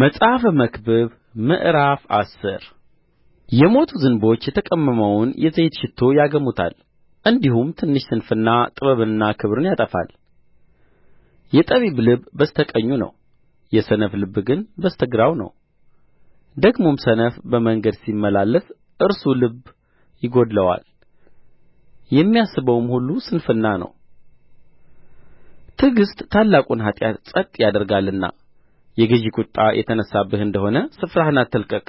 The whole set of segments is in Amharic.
መጽሐፈ መክብብ ምዕራፍ አስር የሞቱ ዝንቦች የተቀመመውን የዘይት ሽቱ ያገሙታል እንዲሁም ትንሽ ስንፍና ጥበብንና ክብርን ያጠፋል የጠቢብ ልብ በስተ ቀኙ ነው የሰነፍ ልብ ግን በስተ ግራው ነው ደግሞም ሰነፍ በመንገድ ሲመላለስ እርሱ ልብ ይጐድለዋል የሚያስበውም ሁሉ ስንፍና ነው ትዕግሥት ታላቁን ኃጢአት ጸጥ ያደርጋልና የገዢ ቍጣ የተነሣብህ እንደ ሆነ ስፍራህን አትልቀቅ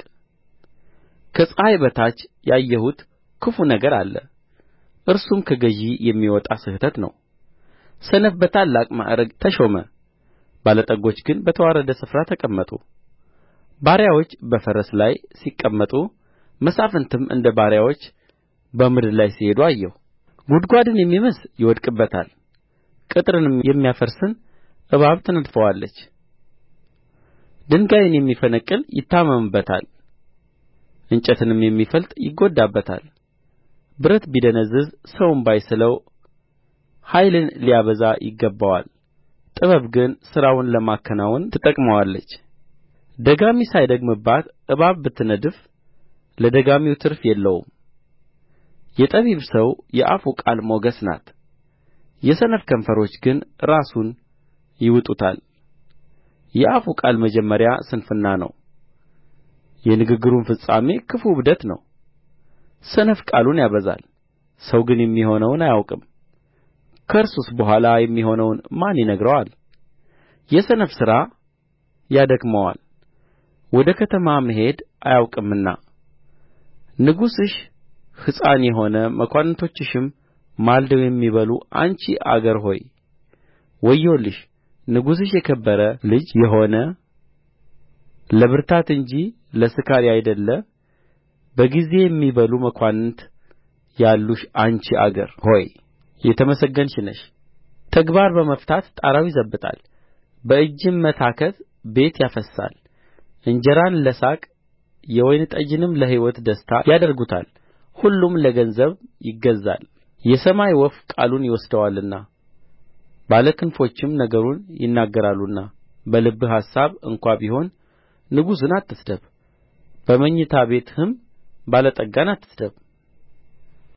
ከፀሐይ በታች ያየሁት ክፉ ነገር አለ እርሱም ከገዢ የሚወጣ ስሕተት ነው ሰነፍ በታላቅ ማዕርግ ተሾመ ባለጠጎች ግን በተዋረደ ስፍራ ተቀመጡ ባሪያዎች በፈረስ ላይ ሲቀመጡ መሳፍንትም እንደ ባሪያዎች በምድር ላይ ሲሄዱ አየሁ ጕድጓድን የሚምስ ይወድቅበታል ቅጥርንም የሚያፈርስን እባብ ትነድፈዋለች ድንጋይን የሚፈነቅል ይታመምበታል እንጨትንም የሚፈልጥ ይጐዳበታል ብረት ቢደነዝዝ ሰውም ባይስለው ኃይልን ሊያበዛ ይገባዋል ጥበብ ግን ሥራውን ለማከናወን ትጠቅመዋለች ደጋሚ ሳይደግምባት እባብ ብትነድፍ ለደጋሚው ትርፍ የለውም የጠቢብ ሰው የአፉ ቃል ሞገስ ናት የሰነፍ ከንፈሮች ግን ራሱን ይውጡታል የአፉ ቃል መጀመሪያ ስንፍና ነው የንግግሩም ፍጻሜ ክፉ እብደት ነው ሰነፍ ቃሉን ያበዛል ሰው ግን የሚሆነውን አያውቅም ከእርሱስ በኋላ የሚሆነውን ማን ይነግረዋል የሰነፍ ሥራ ያደክመዋል ወደ ከተማ መሄድ አያውቅምና ንጉሥሽ ሕፃን የሆነ መኳንንቶችሽም ማልደው የሚበሉ አንቺ አገር ሆይ ወዮልሽ ንጉሥሽ የከበረ ልጅ የሆነ ለብርታት እንጂ ለስካር ያይደለ በጊዜ የሚበሉ መኳንንት ያሉሽ አንቺ አገር ሆይ የተመሰገንሽ ነሽ ተግባር በመፍታት ጣራው ይዘብጣል በእጅም መታከት ቤት ያፈስሳል እንጀራን ለሳቅ የወይን ጠጅንም ለሕይወት ደስታ ያደርጉታል ሁሉም ለገንዘብ ይገዛል የሰማይ ወፍ ቃሉን ይወስደዋልና ባለ ክንፎችም ነገሩን ይናገራሉና በልብህ አሳብ እንኳ ቢሆን ንጉሥን አትስደብ በመኝታ ቤትህም ባለጠጋን አትስደብ